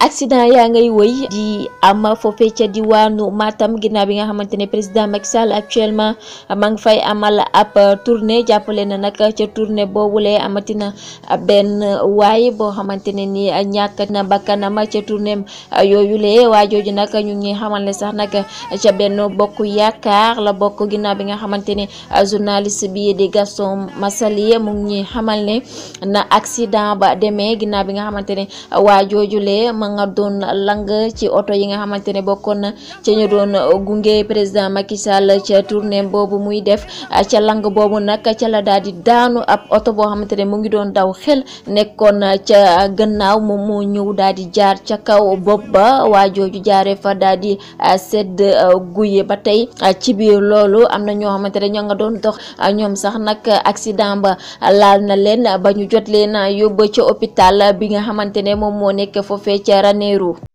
I accident yaa ngay woy di am foofee ca diwaanu Matam ginnaaw bi nga xamante ne président Macky Sall actuellement ma ngi fay amal ab tournée jàppale na nag ca tournée boobulee amatina benn waay boo xamante ne ni ñàkk na bakkanam ca tournée yooyu lee waa jooju nag ñu ngi xamal ne sax nag ca benn bokk yaakaar la bokk ginnaaw bi nga xamante ne journaliste bi di Gaston Massali mu ngi xamal ne na accident ba demee ginnaaw bi nga xamante ne waa jooju lee ma nga don lang ci oto yi nga xamantene bokkon ci ñu don gungé président Macky Sall ci tourné bobu muy def ci lang bobu nak ci la daal di daanu ab oto bo xamantene mu ngi don daw xel nekkon ci gannaaw mu mu ñew daal di jaar ci kaw bobba ba waa jooju fa daal di sedd guye ba tey ci biir loolu amna ño xamantene xamante nga don dox ñom sax nak accident ba laal na len ba jot leen yóbbu ci hôpital bi nga xamantene ne mo nekk foofee janeiro